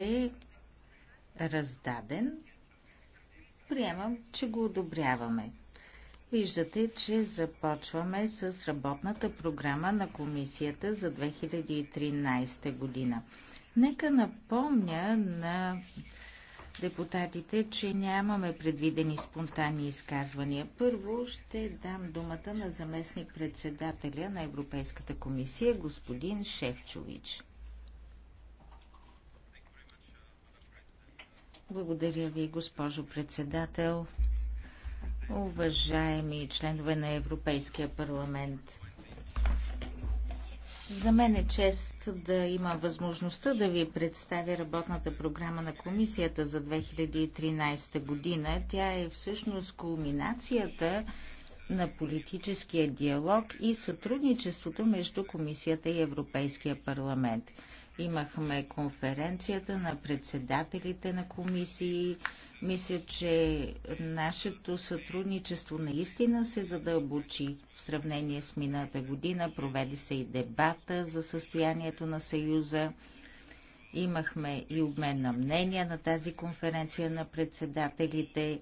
е раздаден. Приемам, че го одобряваме. Виждате, че започваме с работната програма на комисията за 2013 година. Нека напомня на депутатите, че нямаме предвидени спонтанни изказвания. Първо ще дам думата на заместник председателя на Европейската комисия, господин Шефчович. Благодаря ви, госпожо председател. Уважаеми членове на Европейския парламент, за мен е чест да има възможността да ви представя работната програма на комисията за 2013 година. Тя е всъщност кулминацията на политическия диалог и сътрудничеството между комисията и Европейския парламент. Имахме конференцията на председателите на комисии. Мисля, че нашето сътрудничество наистина се задълбочи в сравнение с мината година. Проведе се и дебата за състоянието на Съюза. Имахме и обмен на мнения на тази конференция на председателите.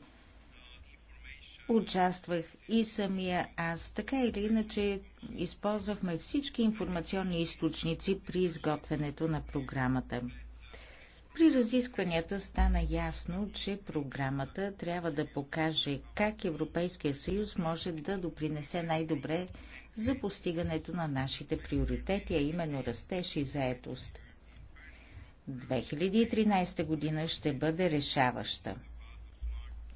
Участвах и самия аз. Така или иначе, използвахме всички информационни източници при изготвянето на програмата. При разискванията стана ясно, че програмата трябва да покаже как Европейския съюз може да допринесе най-добре за постигането на нашите приоритети, а именно растеж и заетост. 2013 година ще бъде решаваща.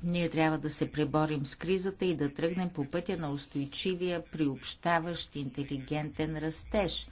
Ние трябва да се преборим с кризата и да тръгнем по пътя на устойчивия, приобщаващ, интелигентен растеж.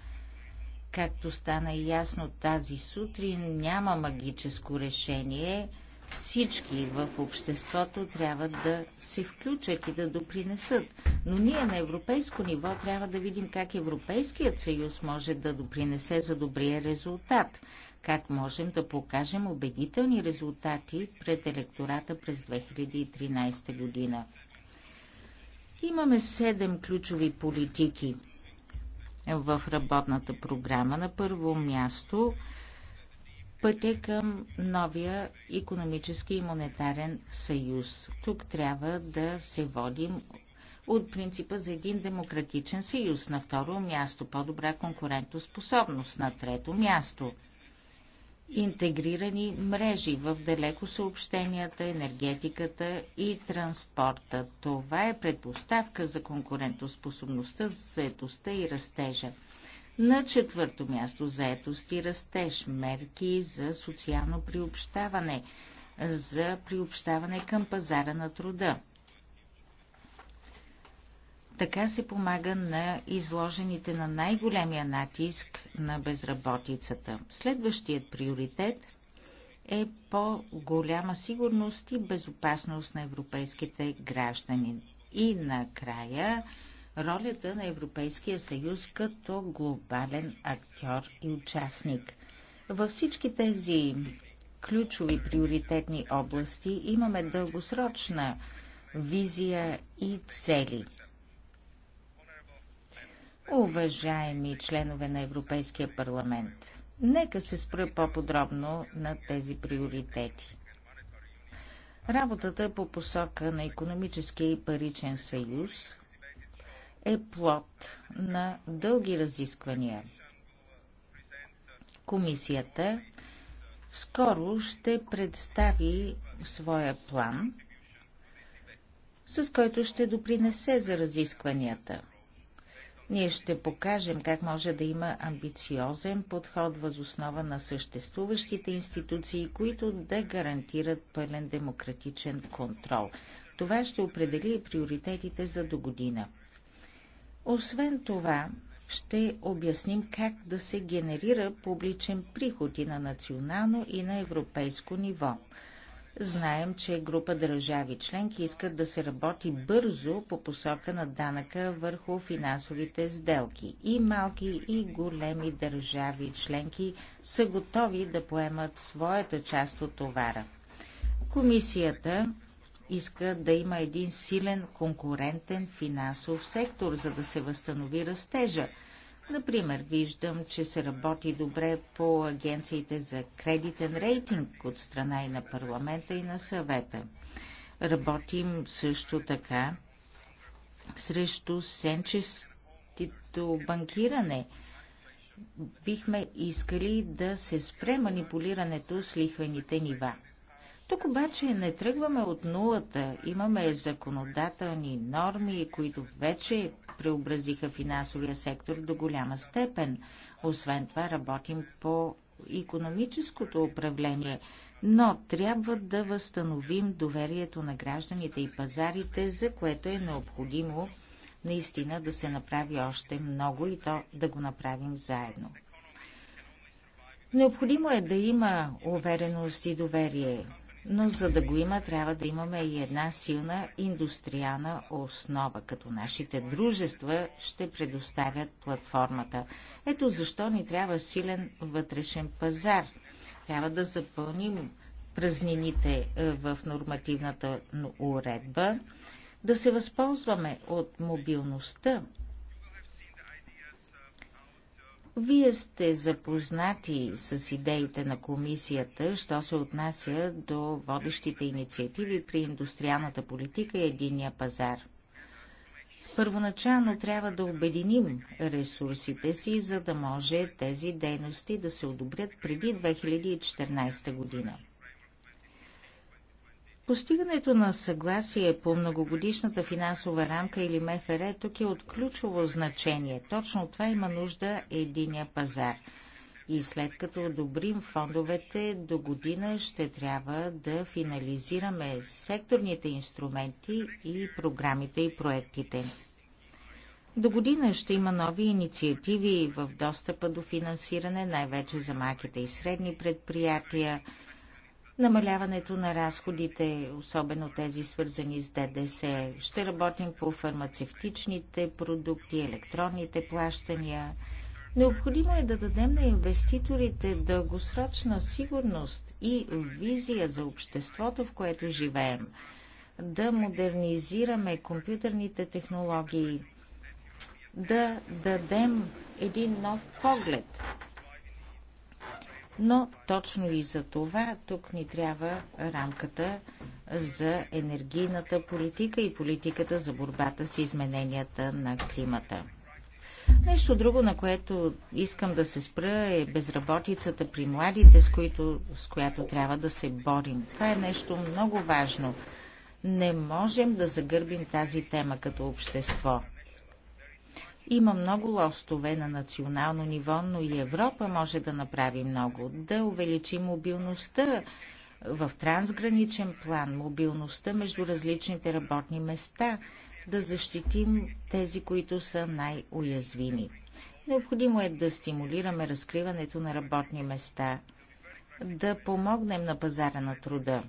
Както стана ясно тази сутрин, няма магическо решение. Всички в обществото трябва да се включат и да допринесат. Но ние на европейско ниво трябва да видим как Европейският съюз може да допринесе за добрия резултат как можем да покажем убедителни резултати пред електората през 2013 година. Имаме седем ключови политики в работната програма. На първо място пътя към новия економически и монетарен съюз. Тук трябва да се водим от принципа за един демократичен съюз. На второ място по-добра конкурентоспособност. На трето място – интегрирани мрежи в далеко съобщенията, енергетиката и транспорта. Това е предпоставка за конкурентоспособността, заетостта и растежа. На четвърто място заетост и растеж, мерки за социално приобщаване, за приобщаване към пазара на труда. Така се помага на изложените на най-големия натиск на безработицата. Следващият приоритет е по-голяма сигурност и безопасност на европейските граждани. И накрая ролята на Европейския съюз като глобален актьор и участник. Във всички тези ключови приоритетни области имаме дългосрочна визия и цели – Уважаеми членове на Европейския парламент, нека се спра по-подробно на тези приоритети. Работата по посока на економическия и паричен съюз е плод на дълги разисквания. Комисията скоро ще представи своя план, с който ще допринесе за разискванията – ние ще покажем как може да има амбициозен подход въз основа на съществуващите институции, които да гарантират пълен демократичен контрол. Това ще определи и приоритетите за до година. Освен това, ще обясним как да се генерира публичен приход и на национално и на европейско ниво. Знаем, че група държави членки искат да се работи бързо по посока на данъка върху финансовите сделки. И малки и големи държави членки са готови да поемат своята част от товара. Комисията иска да има един силен конкурентен финансов сектор, за да се възстанови растежа. Например, виждам, че се работи добре по агенциите за кредитен рейтинг от страна и на парламента и на съвета. Работим също така срещу сенчестито банкиране. Бихме искали да се спре манипулирането с лихвените нива. Тук обаче не тръгваме от нулата. Имаме законодателни норми, които вече преобразиха финансовия сектор до голяма степен. Освен това работим по економическото управление, но трябва да възстановим доверието на гражданите и пазарите, за което е необходимо наистина да се направи още много и то да го направим заедно. Необходимо е да има увереност и доверие но за да го има, трябва да имаме и една силна индустриална основа, като нашите дружества ще предоставят платформата. Ето защо ни трябва силен вътрешен пазар. Трябва да запълним празнините е, в нормативната уредба, да се възползваме от мобилността вие сте запознати с идеите на комисията, що се отнася до водещите инициативи при индустриалната политика и единия пазар. Първоначално трябва да обединим ресурсите си, за да може тези дейности да се одобрят преди 2014 година. Постигането на съгласие по многогодишната финансова рамка или МФР тук е от ключово значение. Точно това има нужда единия пазар. И след като одобрим фондовете, до година ще трябва да финализираме секторните инструменти и програмите и проектите. До година ще има нови инициативи в достъпа до финансиране, най-вече за малките и средни предприятия – намаляването на разходите, особено тези свързани с ДДС. Ще работим по фармацевтичните продукти, електронните плащания. Необходимо е да дадем на инвеститорите дългосрочна сигурност и визия за обществото, в което живеем. Да модернизираме компютърните технологии, да дадем един нов поглед но точно и за това тук ни трябва рамката за енергийната политика и политиката за борбата с измененията на климата. Нещо друго, на което искам да се спра е безработицата при младите, с, които, с която трябва да се борим. Това е нещо много важно. Не можем да загърбим тази тема като общество. Има много лостове на национално ниво, но и Европа може да направи много. Да увеличи мобилността в трансграничен план, мобилността между различните работни места, да защитим тези, които са най-уязвими. Необходимо е да стимулираме разкриването на работни места, да помогнем на пазара на труда.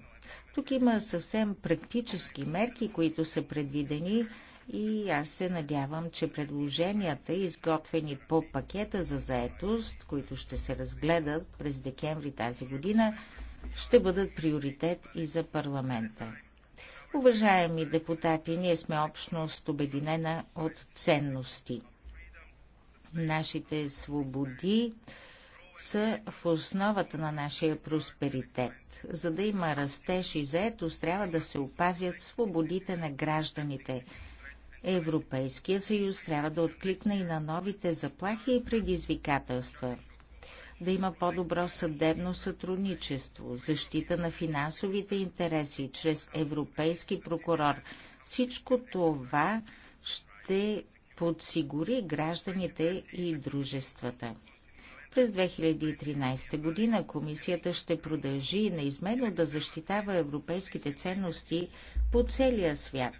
Тук има съвсем практически мерки, които са предвидени и аз се надявам, че предложенията, изготвени по пакета за заетост, които ще се разгледат през декември тази година, ще бъдат приоритет и за парламента. Уважаеми депутати, ние сме общност обединена от ценности. Нашите свободи са в основата на нашия просперитет. За да има растеж и заетост, трябва да се опазят свободите на гражданите. Европейския съюз трябва да откликне и на новите заплахи и предизвикателства. Да има по-добро съдебно сътрудничество, защита на финансовите интереси чрез европейски прокурор. Всичко това ще подсигури гражданите и дружествата. През 2013 година комисията ще продължи неизменно да защитава европейските ценности по целия свят.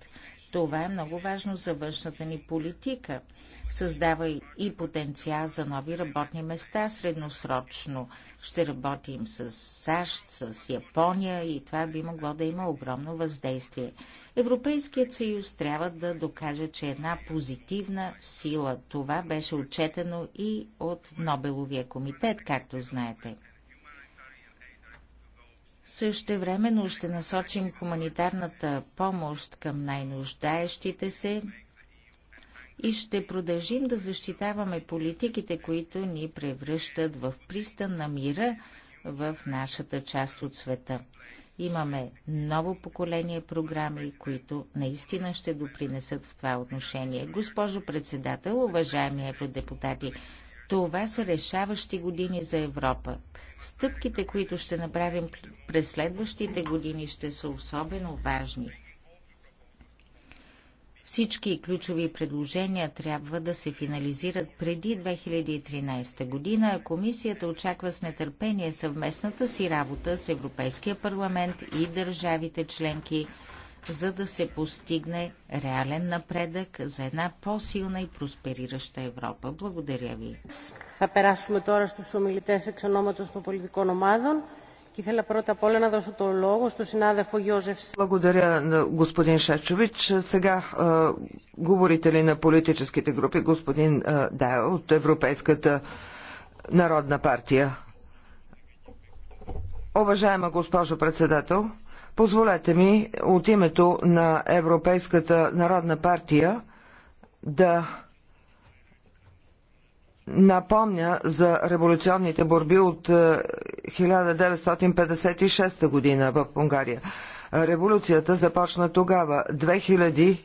Това е много важно за външната ни политика. Създава и потенциал за нови работни места средносрочно. Ще работим с САЩ, с Япония и това би могло да има огромно въздействие. Европейският съюз трябва да докаже, че е една позитивна сила. Това беше отчетено и от Нобеловия комитет, както знаете. Същевременно ще насочим хуманитарната помощ към най-нуждаещите се и ще продължим да защитаваме политиките, които ни превръщат в пристан на мира в нашата част от света. Имаме ново поколение програми, които наистина ще допринесат в това отношение. Госпожо председател, уважаеми евродепутати, това са решаващи години за Европа. Стъпките, които ще направим през следващите години, ще са особено важни. Всички ключови предложения трябва да се финализират преди 2013 година, а комисията очаква с нетърпение съвместната си работа с Европейския парламент и държавите членки – за да се постигне реален напредък за една по-силна и просперираща Европа. Благодаря ви. Θα περάσουμε τώρα στους ομιλητές εξ ονόματος των πολιτικών ομάδων. Και ήθελα πρώτα απ' όλα να δώσω το λόγο συνάδελφο Γιώζεφ Благодаря, господин Шачович. Сега говорите ли на политическите групи, господин Да, от Европейската народна партия. Уважаема госпожо председател, Позволете ми от името на Европейската народна партия да напомня за революционните борби от 1956 е, година в Унгария. Революцията започна тогава. 2000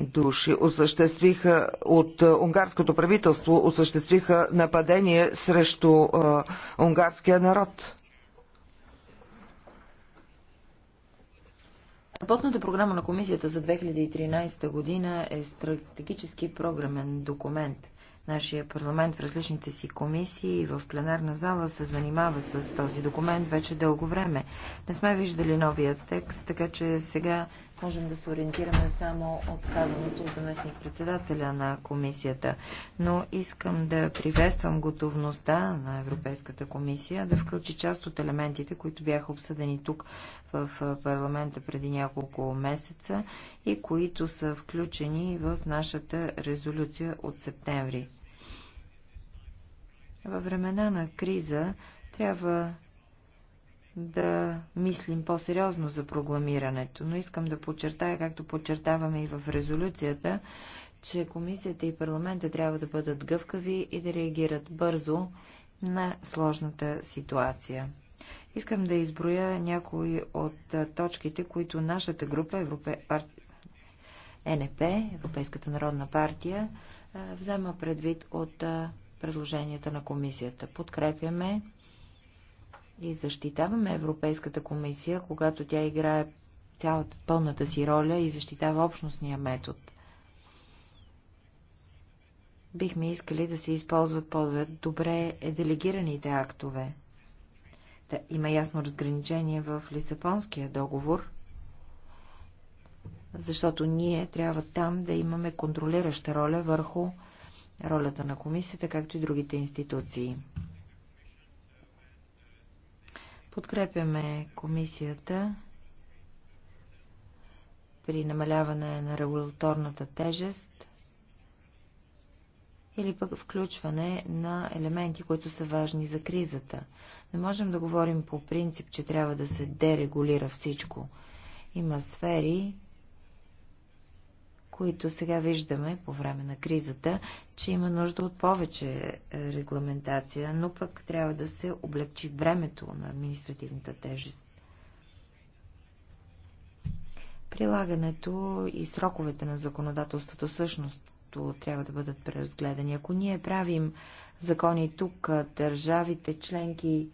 души осъществиха от е, унгарското правителство осъществиха нападение срещу а, е, унгарския народ. Работната програма на комисията за 2013 година е стратегически програмен документ. Нашия парламент в различните си комисии и в пленарна зала се занимава с този документ вече дълго време. Не сме виждали новия текст, така че сега можем да се ориентираме само от казаното от заместник-председателя на комисията. Но искам да приветствам готовността на Европейската комисия да включи част от елементите, които бяха обсъдени тук в парламента преди няколко месеца и които са включени в нашата резолюция от септември. Във времена на криза трябва да мислим по-сериозно за програмирането. Но искам да подчертая, както подчертаваме и в резолюцията, че комисията и парламента трябва да бъдат гъвкави и да реагират бързо на сложната ситуация. Искам да изброя някои от точките, които нашата група, Европе... пар... НП, Европейската народна партия, взема предвид от предложенията на комисията. Подкрепяме и защитаваме Европейската комисия, когато тя играе цялата пълната си роля и защитава общностния метод. Бихме искали да се използват по-добре делегираните актове. Да, има ясно разграничение в Лисапонския договор, защото ние трябва там да имаме контролираща роля върху ролята на комисията, както и другите институции. Подкрепяме комисията при намаляване на регуляторната тежест или пък включване на елементи, които са важни за кризата. Не можем да говорим по принцип, че трябва да се дерегулира всичко. Има сфери, които сега виждаме по време на кризата, че има нужда от повече е, регламентация, но пък трябва да се облегчи времето на административната тежест. Прилагането и сроковете на законодателството всъщност трябва да бъдат преразгледани. Ако ние правим закони тук, държавите членки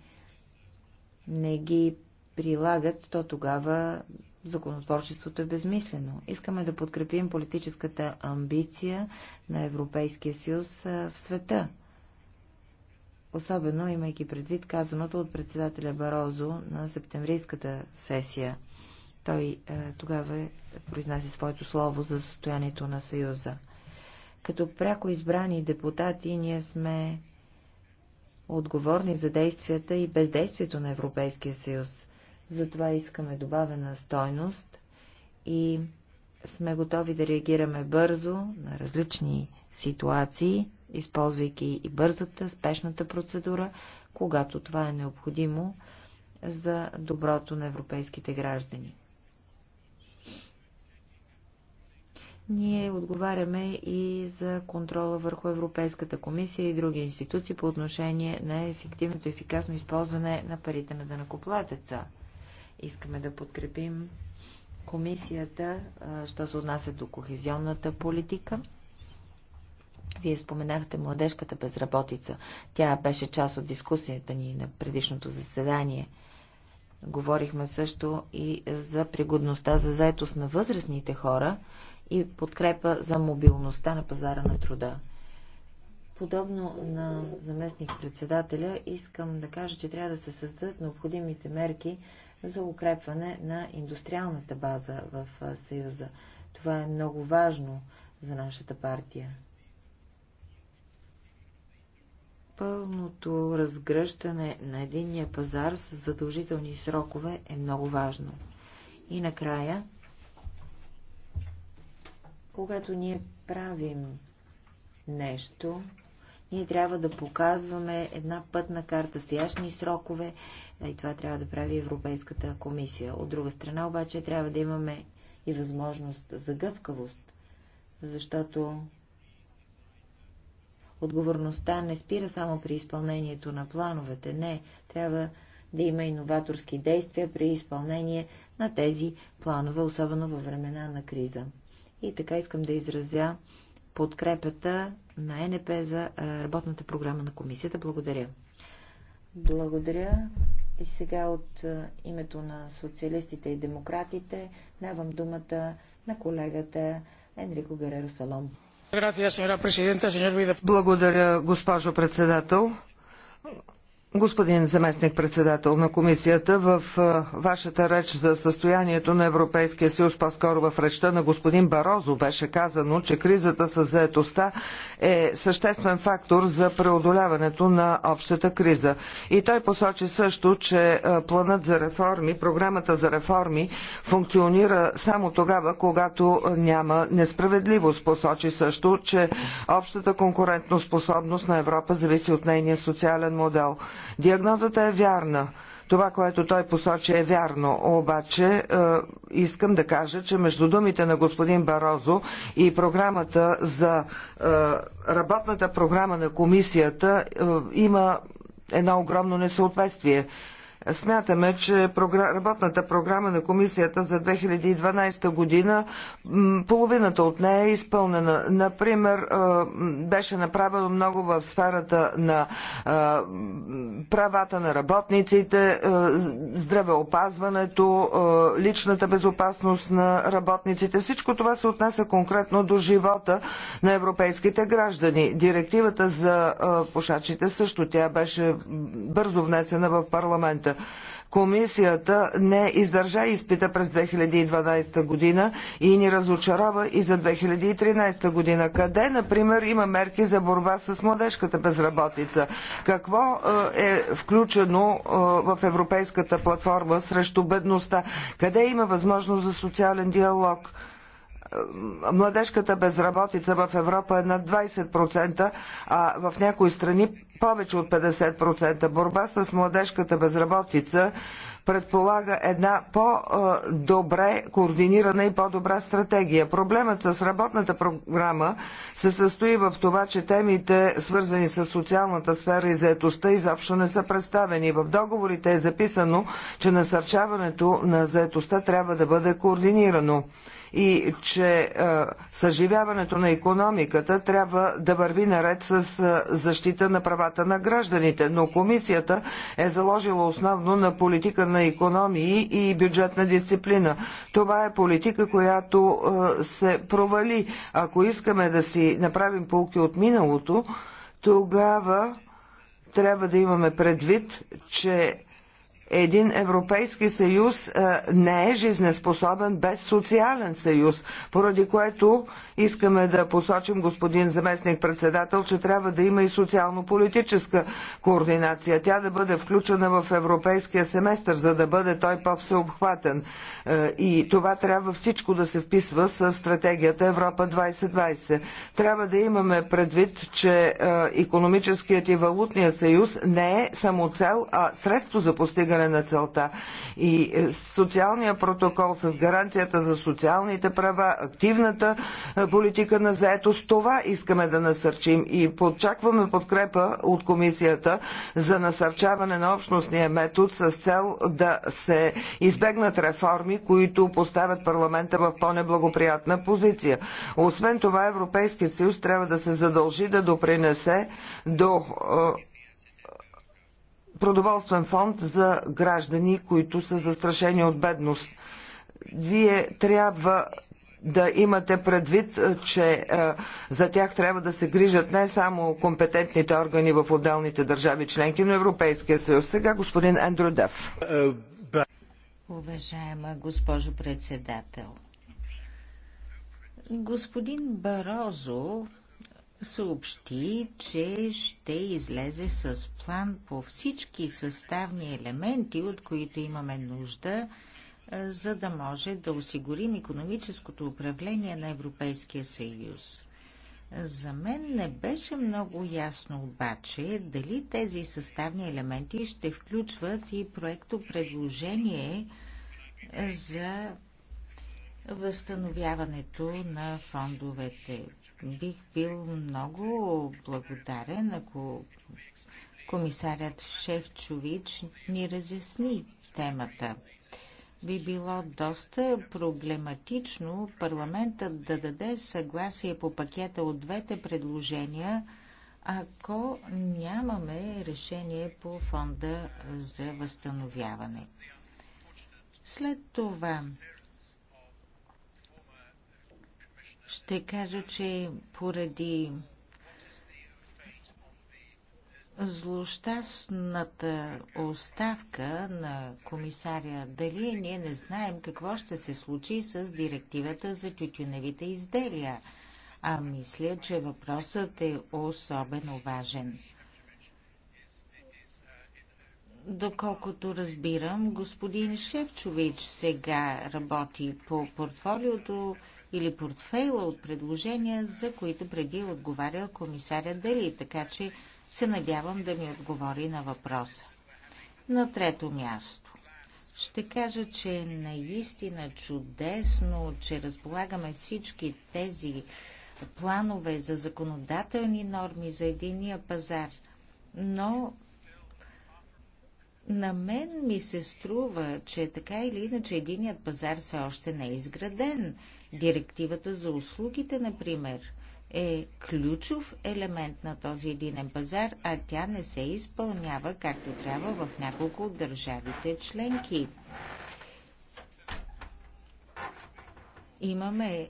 не ги прилагат, то тогава законотворчеството е безмислено. Искаме да подкрепим политическата амбиция на Европейския съюз в света. Особено имайки предвид казаното от председателя Барозо на септемврийската сесия. Той е, тогава произнася своето слово за състоянието на Съюза. Като пряко избрани депутати, ние сме отговорни за действията и бездействието на Европейския съюз. Затова искаме добавена стойност и сме готови да реагираме бързо на различни ситуации, използвайки и бързата, спешната процедура, когато това е необходимо за доброто на европейските граждани. Ние отговаряме и за контрола върху Европейската комисия и други институции по отношение на ефективното и ефикасно използване на парите на дънакоплатеца. Искаме да подкрепим комисията, що се отнася до кохезионната политика. Вие споменахте младежката безработица. Тя беше част от дискусията ни на предишното заседание. Говорихме също и за пригодността за заетост на възрастните хора и подкрепа за мобилността на пазара на труда. Подобно на заместник председателя, искам да кажа, че трябва да се създадат необходимите мерки за укрепване на индустриалната база в Съюза. Това е много важно за нашата партия. Пълното разгръщане на единния пазар с задължителни срокове е много важно. И накрая, когато ние правим нещо, ние трябва да показваме една пътна карта с ясни срокове и това трябва да прави Европейската комисия. От друга страна обаче трябва да имаме и възможност за гъвкавост, защото отговорността не спира само при изпълнението на плановете. Не, трябва да има иноваторски действия при изпълнение на тези планове, особено във времена на криза. И така искам да изразя подкрепата на НП за работната програма на комисията. Благодаря. Благодаря. И сега от името на социалистите и демократите давам думата на колегата Енрико Гареро Салом. Благодаря, госпожо председател. Господин заместник-председател на комисията, в вашата реч за състоянието на Европейския съюз, по-скоро в речта на господин Барозо, беше казано, че кризата с заетостта е съществен фактор за преодоляването на общата криза. И той посочи също, че е, планът за реформи, програмата за реформи функционира само тогава, когато е, няма несправедливост. Посочи също, че общата конкурентоспособност на Европа зависи от нейния социален модел. Диагнозата е вярна. Това, което той посочи е вярно, обаче е, искам да кажа, че между думите на господин Барозо и програмата за е, работната програма на комисията е, има едно огромно несъответствие. Смятаме, че работната програма на комисията за 2012 година, половината от нея е изпълнена. Например, беше направено много в сферата на правата на работниците, здравеопазването, личната безопасност на работниците. Всичко това се отнася конкретно до живота на европейските граждани. Директивата за пушачите също тя беше бързо внесена в парламента. Комисията не издържа изпита през 2012 година и ни разочарова и за 2013 година. Къде, например, има мерки за борба с младежката безработица? Какво е, е включено е, в Европейската платформа срещу бедността? Къде има възможност за социален диалог? младежката безработица в Европа е над 20%, а в някои страни повече от 50%. Борба с младежката безработица предполага една по-добре координирана и по-добра стратегия. Проблемът с работната програма се състои в това, че темите, свързани с социалната сфера и заетостта, изобщо не са представени. В договорите е записано, че насърчаването на заетостта трябва да бъде координирано и че е, съживяването на економиката трябва да върви наред с е, защита на правата на гражданите. Но комисията е заложила основно на политика на економии и бюджетна дисциплина. Това е политика, която е, се провали. Ако искаме да си направим полки от миналото, тогава трябва да имаме предвид, че един Европейски съюз е, не е жизнеспособен без социален съюз, поради което искаме да посочим господин заместник председател, че трябва да има и социално-политическа координация. Тя да бъде включена в европейския семестър, за да бъде той по-всеобхватен. Е, и това трябва всичко да се вписва с стратегията Европа 2020. Трябва да имаме предвид, че економическият и валутният съюз не е само цел, а средство за постигане постигане на целта. И е, социалния протокол с гаранцията за социалните права, активната е, политика на заетост, това искаме да насърчим и подчакваме подкрепа от комисията за насърчаване на общностния метод с цел да се избегнат реформи, които поставят парламента в по-неблагоприятна позиция. Освен това, Европейският съюз трябва да се задължи да допринесе до е, продоволствен фонд за граждани, които са застрашени от бедност. Вие трябва да имате предвид, е, че е, за тях трябва да се грижат не само компетентните органи в отделните държави членки, но Европейския съюз. Сега господин Ендрю Дев. Уважаема госпожо председател, господин Барозо съобщи, че ще излезе с план по всички съставни елементи, от които имаме нужда, за да може да осигурим економическото управление на Европейския съюз. За мен не беше много ясно обаче дали тези съставни елементи ще включват и проекто предложение за възстановяването на фондовете. Бих бил много благодарен, ако комисарят Шефчович ни разясни темата. Би било доста проблематично парламентът да даде съгласие по пакета от двете предложения, ако нямаме решение по фонда за възстановяване. След това Ще кажа, че поради злощастната оставка на комисаря Дали, ние не знаем какво ще се случи с директивата за тютюневите изделия, а мисля, че въпросът е особено важен. Доколкото разбирам, господин Шевчович сега работи по портфолиото или портфейла от предложения, за които преди е отговарял комисаря Дали, така че се надявам да ми отговори на въпроса. На трето място. Ще кажа, че е наистина чудесно, че разполагаме всички тези планове за законодателни норми за единия пазар, но на мен ми се струва, че така или иначе единият пазар все още не е изграден. Директивата за услугите, например, е ключов елемент на този единен пазар, а тя не се изпълнява както трябва в няколко от държавите членки. Имаме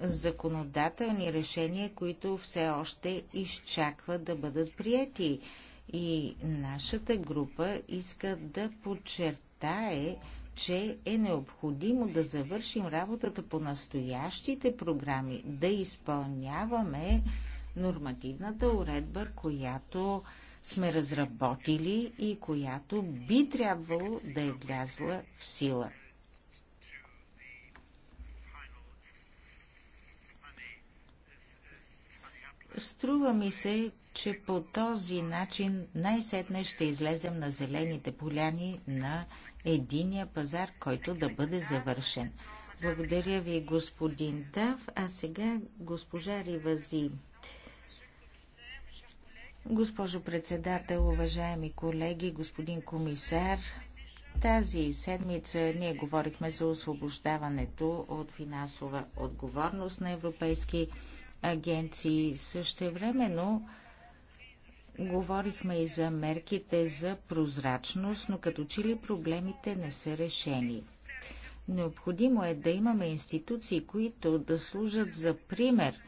законодателни решения, които все още изчакват да бъдат прияти. И нашата група иска да подчертае, че е необходимо да завършим работата по настоящите програми, да изпълняваме нормативната уредба, която сме разработили и която би трябвало да е влязла в сила. Струва ми се, че по този начин най-сетне ще излезем на зелените поляни на единия пазар, който да бъде завършен. Благодаря ви, господин Дав. А сега госпожа Ривази. Госпожо председател, уважаеми колеги, господин комисар, тази седмица ние говорихме за освобождаването от финансова отговорност на Европейски агенции. също времено говорихме и за мерките за прозрачност, но като че ли проблемите не са решени. Необходимо е да имаме институции, които да служат за пример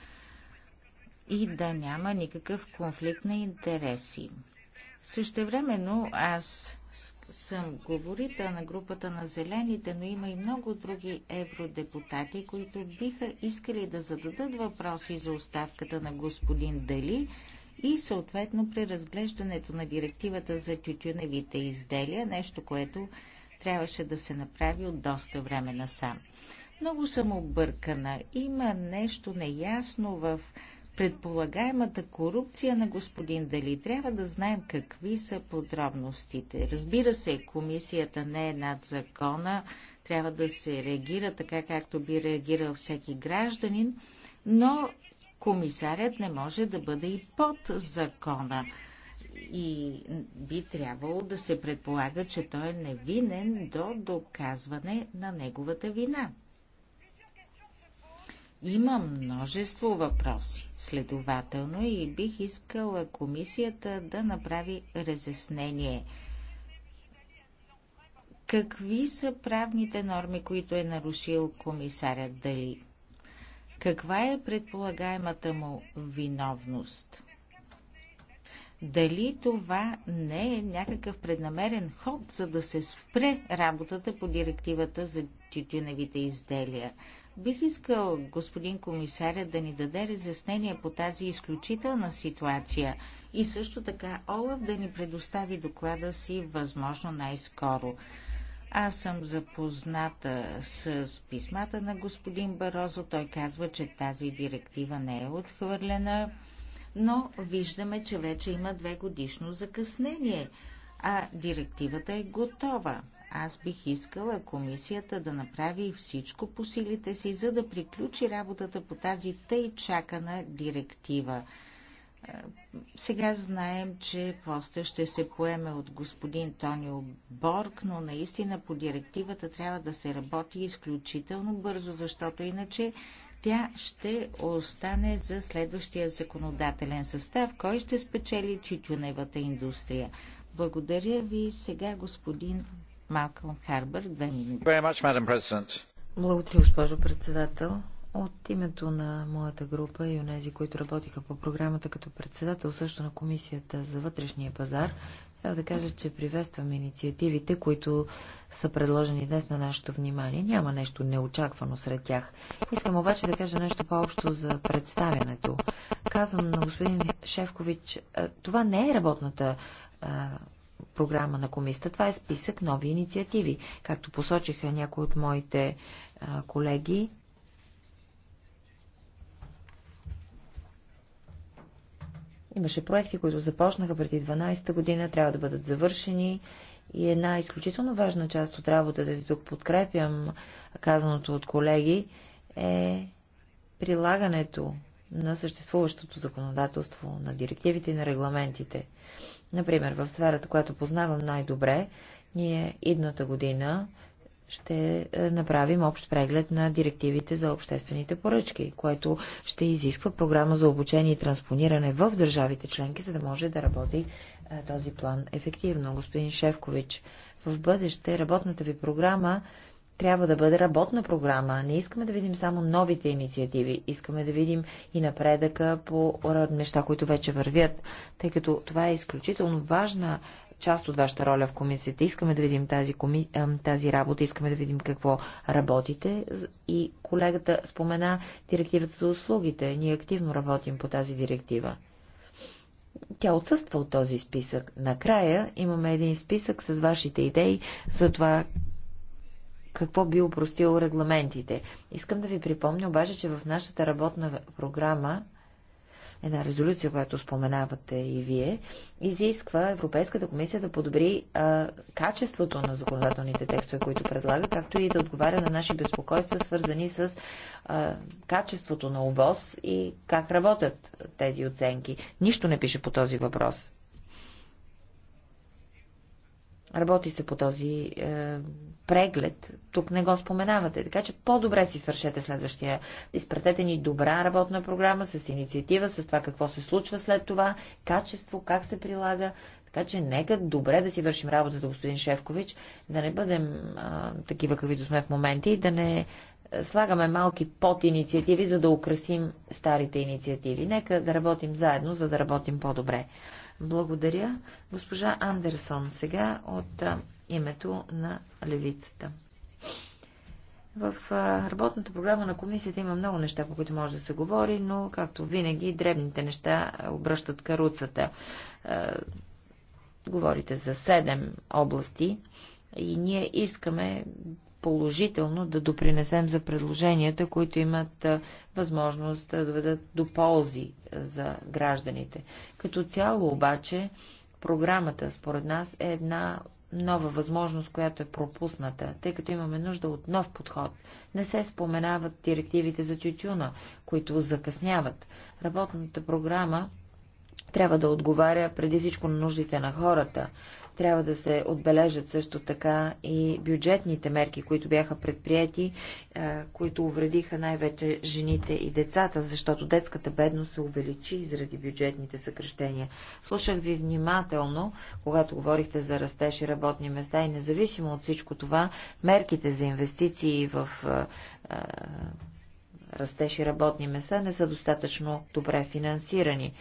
и да няма никакъв конфликт на интереси. времено аз съм говорител на групата на зелените, но има и много други евродепутати, които биха искали да зададат въпроси за оставката на господин Дали и съответно при разглеждането на директивата за тютюневите изделия, нещо, което трябваше да се направи от доста време насам. Много съм объркана. Има нещо неясно в предполагаемата корупция на господин Дали. Трябва да знаем какви са подробностите. Разбира се, комисията не е над закона, трябва да се реагира така, както би реагирал всеки гражданин, но комисарят не може да бъде и под закона. И би трябвало да се предполага, че той е невинен до доказване на неговата вина. Има множество въпроси, следователно и бих искала комисията да направи разяснение. Какви са правните норми, които е нарушил комисарят Дали? Каква е предполагаемата му виновност? Дали това не е някакъв преднамерен ход, за да се спре работата по директивата за тютюневите изделия? Бих искал господин комисаря да ни даде разяснение по тази изключителна ситуация и също така Олаф да ни предостави доклада си възможно най-скоро. Аз съм запозната с писмата на господин Барозо. Той казва, че тази директива не е отхвърлена, но виждаме, че вече има две годишно закъснение, а директивата е готова. Аз бих искала комисията да направи всичко по силите си, за да приключи работата по тази тъй чакана директива. Е, сега знаем, че поста ще се поеме от господин Тонио Борг, но наистина по директивата трябва да се работи изключително бързо, защото иначе тя ще остане за следващия законодателен състав, кой ще спечели чичуневата индустрия. Благодаря ви сега господин Малком Харбър, две минути. Благодаря, госпожо председател. От името на моята група и онези, които работиха по програмата като председател, също на Комисията за вътрешния пазар, трябва да кажа, че приветствам инициативите, които са предложени днес на нашето внимание. Няма нещо неочаквано сред тях. Искам обаче да кажа нещо по-общо за представянето. Казвам на господин Шевкович, това не е работната програма на комисията. Това е списък нови инициативи. Както посочиха някои от моите а, колеги, Имаше проекти, които започнаха преди 12-та година, трябва да бъдат завършени и една изключително важна част от работата, и тук подкрепям казаното от колеги, е прилагането на съществуващото законодателство, на директивите и на регламентите. Например, в сферата, която познавам най-добре, ние идната година ще е, направим общ преглед на директивите за обществените поръчки, което ще изисква програма за обучение и транспониране в държавите членки, за да може да работи е, този план ефективно. Господин Шевкович, в бъдеще работната ви програма трябва да бъде работна програма. Не искаме да видим само новите инициативи, искаме да видим и напредъка по неща, които вече вървят, тъй като това е изключително важна част от вашата роля в комисията. Искаме да видим тази, коми... тази работа, искаме да видим какво работите. И колегата спомена директивата за услугите. Ние активно работим по тази директива. Тя отсъства от този списък. Накрая имаме един списък с вашите идеи за това какво би упростило регламентите. Искам да ви припомня обаче, че в нашата работна програма една резолюция, която споменавате и вие, изисква Европейската комисия да подобри а, качеството на законодателните текстове, които предлага, както и да отговаря на наши безпокойства, свързани с а, качеството на ОВОз и как работят тези оценки. Нищо не пише по този въпрос. Работи се по този е, преглед. Тук не го споменавате. Така че по-добре си свършете следващия. Изпратете ни добра работна програма с инициатива, с това какво се случва след това, качество, как се прилага. Така че нека добре да си вършим работата, господин Шевкович, да не бъдем е, такива, каквито сме в момента и да не е, слагаме малки под-инициативи, за да украсим старите инициативи. Нека да работим заедно, за да работим по-добре. Благодаря. Госпожа Андерсон сега от името на левицата. В работната програма на комисията има много неща, по които може да се говори, но, както винаги, дребните неща обръщат каруцата. Говорите за седем области и ние искаме положително да допринесем за предложенията, които имат възможност да доведат до ползи за гражданите. Като цяло обаче, програмата според нас е една нова възможност, която е пропусната, тъй като имаме нужда от нов подход. Не се споменават директивите за тютюна, които закъсняват. Работната програма трябва да отговаря преди всичко на нуждите на хората, трябва да се отбележат също така и бюджетните мерки, които бяха предприяти, е, които увредиха най-вече жените и децата, защото детската бедност се увеличи заради бюджетните съкрещения. Слушах ви внимателно, когато говорихте за растеж и работни места и независимо от всичко това, мерките за инвестиции в е, е, растеж и работни места не са достатъчно добре финансирани.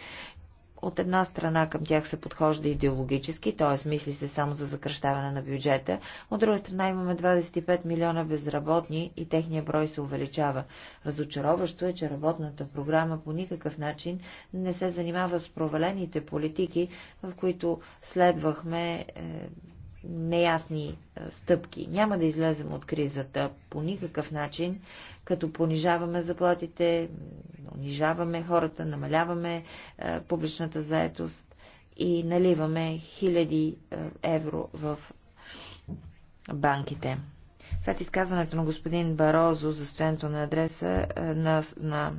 От една страна към тях се подхожда идеологически, т.е. мисли се само за закръщаване на бюджета, от друга страна имаме 25 милиона безработни и техния брой се увеличава. Разочароващо е, че работната програма по никакъв начин не се занимава с провалените политики, в които следвахме е, неясни стъпки. Няма да излезем от кризата по никакъв начин, като понижаваме заплатите, унижаваме хората, намаляваме публичната заетост и наливаме хиляди евро в банките. След изказването на господин Барозо за стоянето на адреса на, на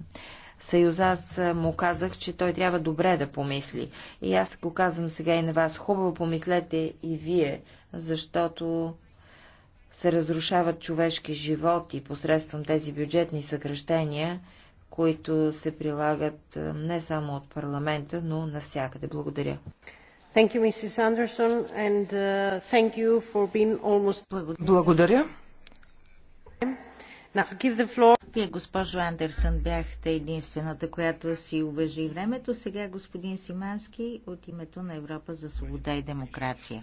Съюза, аз му казах, че той трябва добре да помисли. И аз го казвам сега и на вас. Хубаво помислете и вие защото се разрушават човешки животи посредством тези бюджетни съкръщения, които се прилагат не само от парламента, но навсякъде. Благодаря. Благодаря. Вие, госпожо Андерсън, бяхте единствената, която си уважи времето. Сега господин Симански от името на Европа за свобода и демокрация.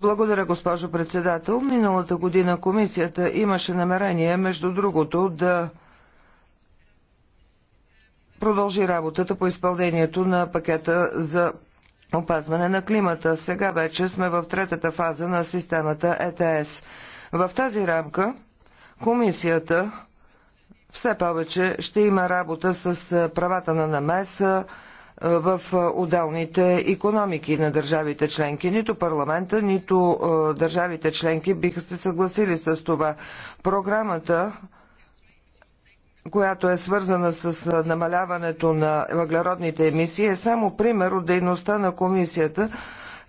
Благодаря, госпожо председател. Миналата година комисията имаше намерение, между другото, да продължи работата по изпълнението на пакета за опазване на климата. Сега вече сме в третата фаза на системата ЕТС. В тази рамка комисията все повече ще има работа с правата на намеса в отделните економики на държавите членки. Нито парламента, нито държавите членки биха се съгласили с това. Програмата която е свързана с намаляването на въглеродните емисии, е само пример от дейността на комисията,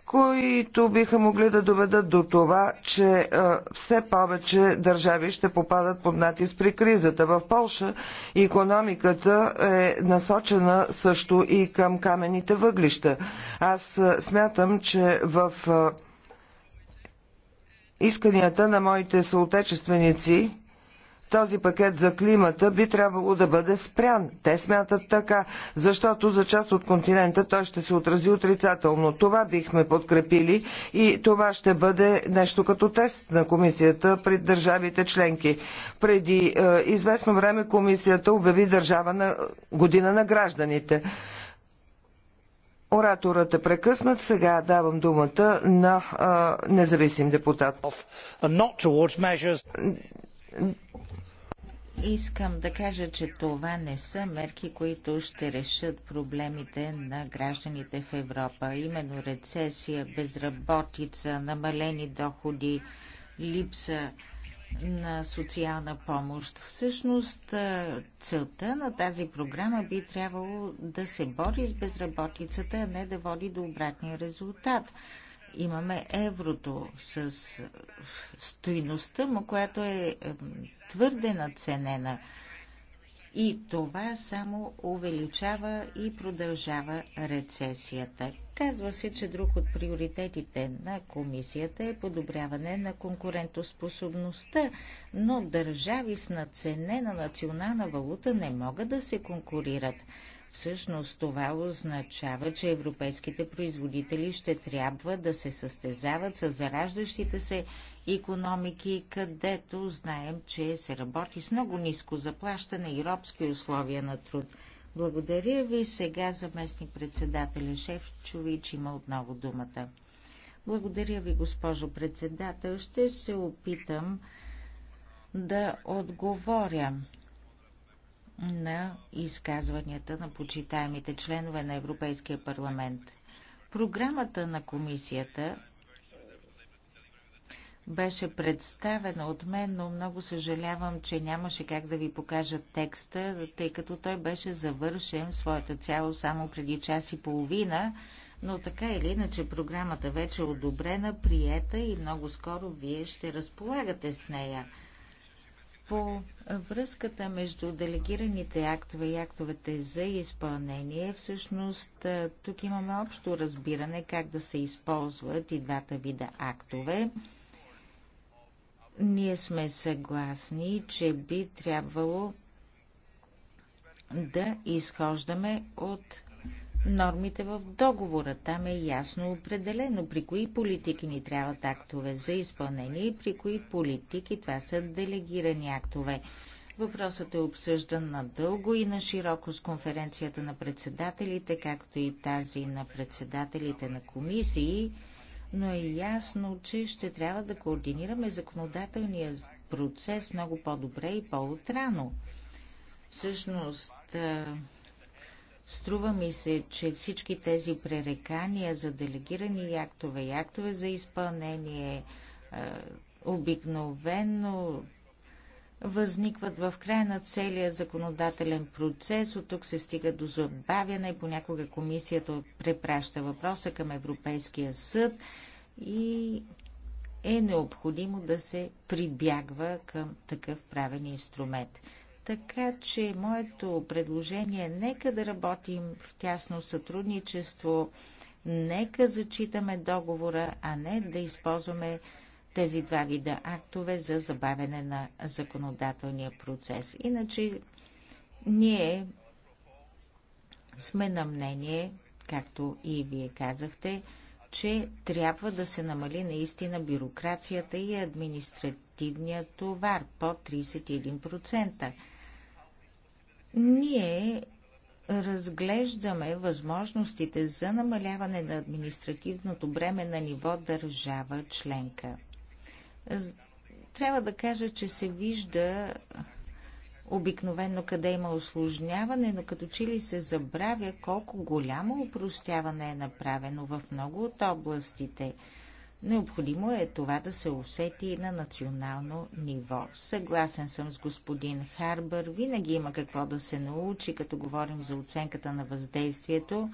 които биха могли да доведат до това, че е, все повече държави ще попадат под натиск при кризата. В Полша економиката е насочена също и към камените въглища. Аз е, смятам, че в е, исканията на моите съотечественици този пакет за климата би трябвало да бъде спрян. Те смятат така, защото за част от континента той ще се отрази отрицателно. Това бихме подкрепили и това ще бъде нещо като тест на комисията пред държавите членки. Преди е, известно време комисията обяви държава на година на гражданите. Ораторът е прекъснат. Сега давам думата на е, независим депутат Искам да кажа, че това не са мерки, които ще решат проблемите на гражданите в Европа. Именно рецесия, безработица, намалени доходи, липса на социална помощ. Всъщност целта на тази програма би трябвало да се бори с безработицата, а не да води до обратния резултат имаме еврото с стоиността му, която е твърде наценена. И това само увеличава и продължава рецесията. Казва се, че друг от приоритетите на комисията е подобряване на конкурентоспособността, но държави с наценена национална валута не могат да се конкурират. Всъщност това означава, че европейските производители ще трябва да се състезават с зараждащите се економики, където знаем, че се работи с много ниско заплащане и робски условия на труд. Благодаря ви. Сега заместник председателя Шефчович има отново думата. Благодаря ви, госпожо председател. Ще се опитам да отговоря на изказванията на почитаемите членове на Европейския парламент. Програмата на комисията беше представена от мен, но много съжалявам, че нямаше как да ви покажа текста, тъй като той беше завършен в своята цяло само преди час и половина, но така или иначе програмата вече е одобрена, приета и много скоро вие ще разполагате с нея. По връзката между делегираните актове и актовете за изпълнение, всъщност тук имаме общо разбиране как да се използват и двата вида актове. Ние сме съгласни, че би трябвало да изхождаме от нормите в договора. Там е ясно определено при кои политики ни трябват актове за изпълнение и при кои политики това са делегирани актове. Въпросът е обсъждан надълго и на широко с конференцията на председателите, както и тази на председателите на комисии, но е ясно, че ще трябва да координираме законодателния процес много по-добре и по-утрано. Всъщност, Струва ми се, че всички тези пререкания за делегирани актове и актове за изпълнение е, обикновено възникват в края на целия законодателен процес. От тук се стига до забавяне. Понякога комисията препраща въпроса към Европейския съд и е необходимо да се прибягва към такъв правен инструмент. Така че моето предложение е нека да работим в тясно сътрудничество, нека зачитаме договора, а не да използваме тези два вида актове за забавяне на законодателния процес. Иначе ние сме на мнение, както и вие казахте, че трябва да се намали наистина бюрокрацията и административния товар по 31%. Ние разглеждаме възможностите за намаляване на административното бреме на ниво държава членка. Трябва да кажа, че се вижда обикновено къде има осложняване, но като че ли се забравя колко голямо упростяване е направено в много от областите – Необходимо е това да се усети на национално ниво. Съгласен съм с господин Харбър, винаги има какво да се научи, като говорим за оценката на въздействието.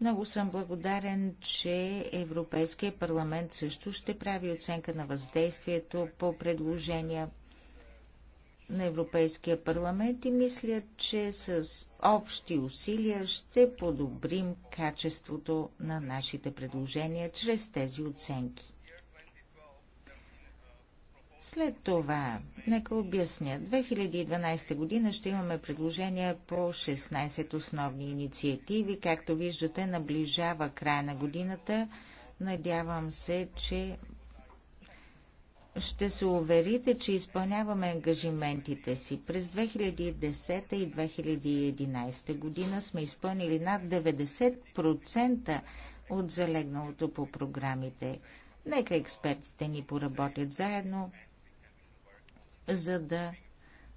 Много съм благодарен, че Европейския парламент също ще прави оценка на въздействието по предложения на Европейския парламент и мисля, че с общи усилия ще подобрим качеството на нашите предложения чрез тези оценки. След това, нека обясня, 2012 година ще имаме предложения по 16 основни инициативи. Както виждате, наближава края на годината. Надявам се, че ще се уверите, че изпълняваме ангажиментите си. През 2010 и 2011 година сме изпълнили над 90% от залегналото по програмите. Нека експертите ни поработят заедно, за да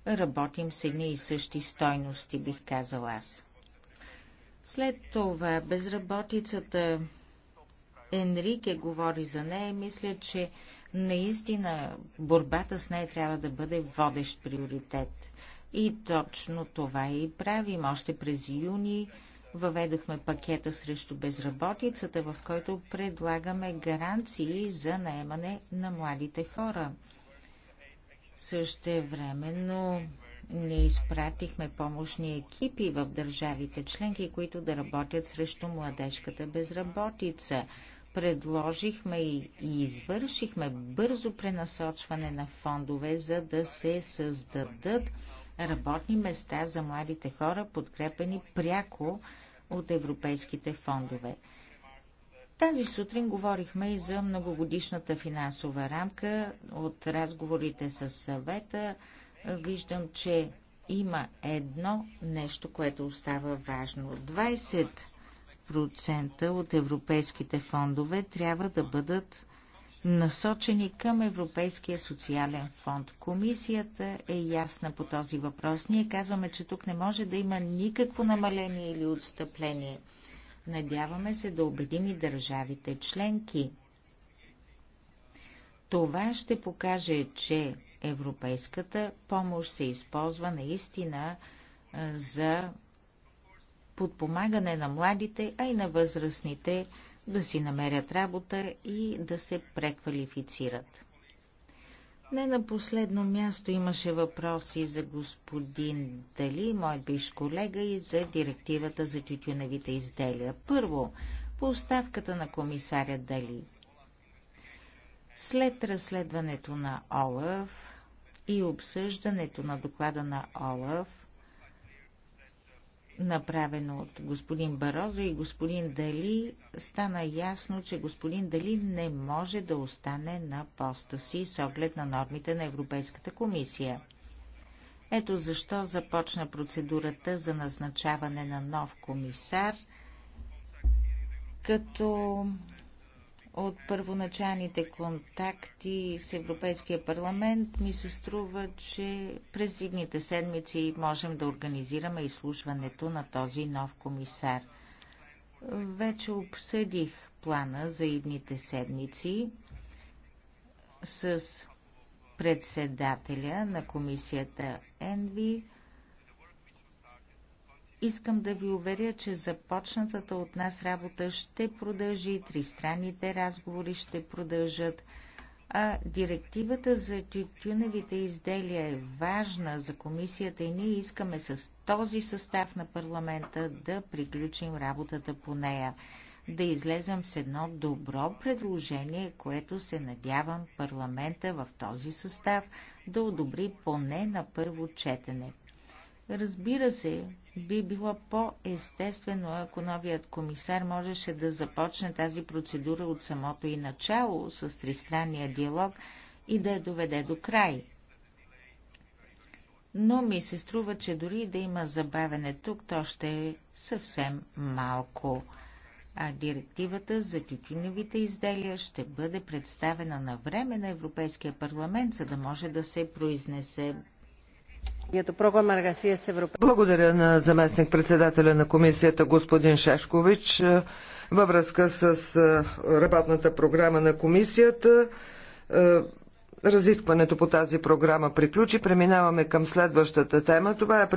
работим с едни и същи стойности, бих казал аз. След това безработицата Енрике говори за нея. Мисля, че Наистина, борбата с нея трябва да бъде водещ приоритет. И точно това и правим. Още през юни въведохме пакета срещу безработицата, в който предлагаме гаранции за наемане на младите хора. Също Същевременно ние изпратихме помощни екипи в държавите членки, които да работят срещу младежката безработица предложихме и извършихме бързо пренасочване на фондове, за да се създадат работни места за младите хора, подкрепени пряко от европейските фондове. Тази сутрин говорихме и за многогодишната финансова рамка. От разговорите с съвета виждам, че има едно нещо, което остава важно. 20 10% от европейските фондове трябва да бъдат насочени към Европейския социален фонд. Комисията е ясна по този въпрос. Ние казваме, че тук не може да има никакво намаление или отстъпление. Надяваме се да убедим и държавите членки. Това ще покаже, че европейската помощ се използва наистина за подпомагане на младите, а и на възрастните да си намерят работа и да се преквалифицират. Не на последно място имаше въпроси за господин Дали, мой биш колега, и за директивата за тютюневите изделия. Първо, поставката на комисаря Дали. След разследването на Олаф и обсъждането на доклада на Олаф, направено от господин Барозо и господин Дали, стана ясно, че господин Дали не може да остане на поста си с оглед на нормите на Европейската комисия. Ето защо започна процедурата за назначаване на нов комисар, като от първоначалните контакти с Европейския парламент ми се струва, че през едните седмици можем да организираме изслушването на този нов комисар. Вече обсъдих плана за едните седмици с председателя на комисията Енви. Искам да ви уверя, че започнатата от нас работа ще продължи, тристранните разговори ще продължат, а директивата за тютюневите изделия е важна за комисията и ние искаме с този състав на парламента да приключим работата по нея, да излезем с едно добро предложение, което се надявам парламента в този състав да одобри поне на първо четене. Разбира се, би било по-естествено, ако новият комисар можеше да започне тази процедура от самото и начало с тристранния диалог и да я доведе до край. Но ми се струва, че дори да има забавене тук, то ще е съвсем малко. А директивата за тютюневите изделия ще бъде представена на време на Европейския парламент, за да може да се произнесе. Благодаря на заместник председателя на комисията господин Шешкович е, във връзка с е, работната програма на комисията. Е, разискването по тази програма приключи. Преминаваме към следващата тема. Това е